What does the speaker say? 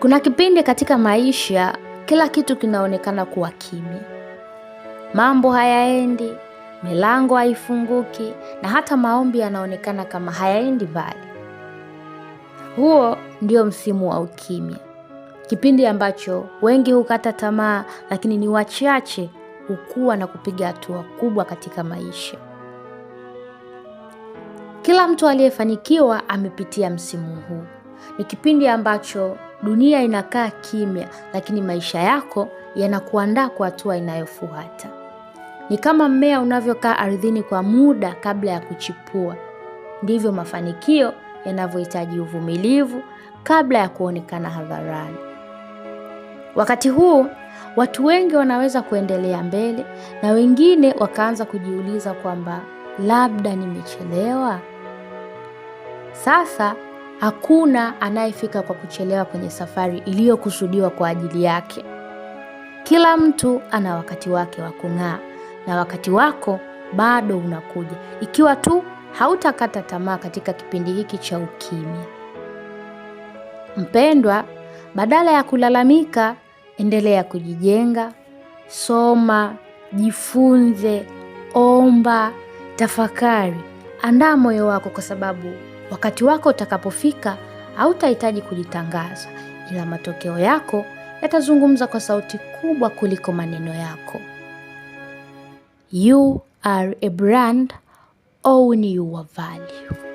Kuna kipindi katika maisha kila kitu kinaonekana kuwa kimya, mambo hayaendi, milango haifunguki, na hata maombi yanaonekana kama hayaendi mbali. Huo ndio msimu wa ukimya, kipindi ambacho wengi hukata tamaa, lakini ni wachache hukua na kupiga hatua kubwa katika maisha. Kila mtu aliyefanikiwa amepitia msimu huu ni kipindi ambacho dunia inakaa kimya, lakini maisha yako yanakuandaa kwa hatua inayofuata. Ni kama mmea unavyokaa ardhini kwa muda kabla ya kuchipua, ndivyo mafanikio yanavyohitaji uvumilivu kabla ya kuonekana hadharani. Wakati huu watu wengi wanaweza kuendelea mbele na wengine wakaanza kujiuliza kwamba labda nimechelewa. Sasa Hakuna anayefika kwa kuchelewa kwenye safari iliyokusudiwa kwa ajili yake. Kila mtu ana wakati wake wa kung'aa, na wakati wako bado unakuja, ikiwa tu hautakata tamaa katika kipindi hiki cha ukimya. Mpendwa, badala ya kulalamika, endelea kujijenga. Soma, jifunze, omba, tafakari, andaa moyo wako, kwa sababu Wakati wako utakapofika, hautahitaji kujitangaza, ila matokeo yako yatazungumza kwa sauti kubwa kuliko maneno yako. You are a brand, own your value.